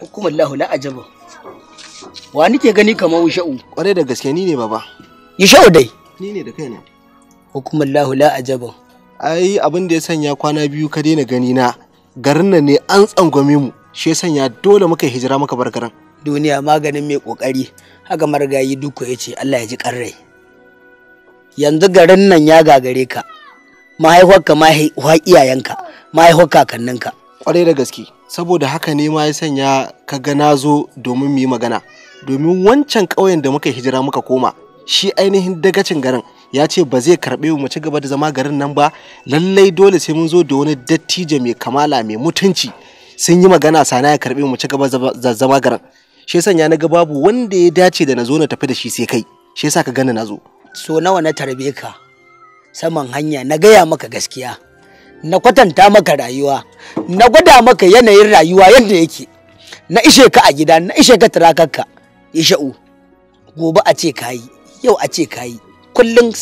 hukumar lahu la ajabu wa nike gani kamar yusha'u kwarai da gaske ni ne baba yusha'u dai ni ne da kaina hukumar lahu la ajabu ai abin da ya sanya kwana biyu ka daina gani na garin nan ne an tsangwame mu shi ya sanya dole muka hijira muka bar garin duniya maganin mai kokari haka marigayi duka ya ce Allah ya ji karrai yanzu garin nan ya gagare ka mahaifarka mahaihuwar iyayenka mahaihuwar kakanninka kwarai da gaske saboda haka ne ma ya sanya ka ga na zo domin mu yi magana domin wancan ƙauyen da muka hijira muka koma shi ainihin dagacin garin ya ce ba zai karɓe mu ci gaba da zama garin nan ba lallai dole sai mun zo da wani dattijo mai kamala mai mutunci sun yi magana sana ya karɓe mu ci gaba da zama garin shi sanya na naga babu wanda ya dace da na zo na tafi da shi sai kai shi ya sa ka gani na zo so nawa na tarbe ka saman hanya na gaya maka gaskiya na kwatanta maka rayuwa na gwada maka yanayin rayuwa yadda yake na ishe ka a gida na ishe ka turakarka ya sha'u gobe a ce kayi yau a ce kayi kullum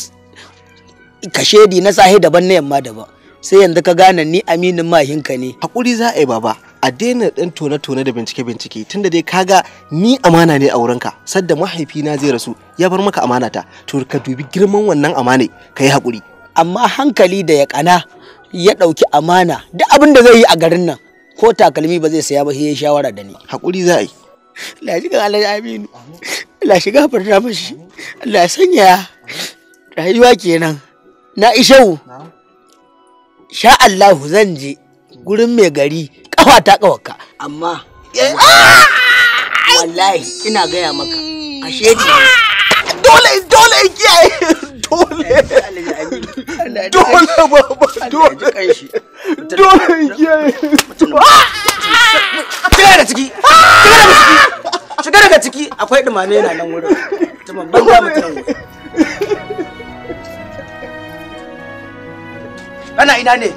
kashedi na sahe daban na yamma daban sai yanzu ka gane ni aminin mahinka ne hakuri za a yi baba a daina ɗan tone-tone da bincike-bincike tunda dai kaga ni amana ne a wurinka sadda mahaifina zai rasu ya bar maka amana ta, to ka dubi girman wannan amane ka yi hakuri. amma hankali da ya kana ya ɗauki amana duk abin da zai yi a garin nan ko takalmi ba zai saya ba sai ya shawara da ni hakuri za a yi Allah Allah ya Aminu Allah shiga farta mashi Allah sanya rayuwa kenan na ishau sha Allahu zan je gurin mai gari kafa ta kawaka amma eh, wallahi ina gaya maka ashe ah! dole Allah dole ba ba dole dole ya shiga daga ciki shiga daga ciki akwai dumame yana nan wurin ba mutum ina ne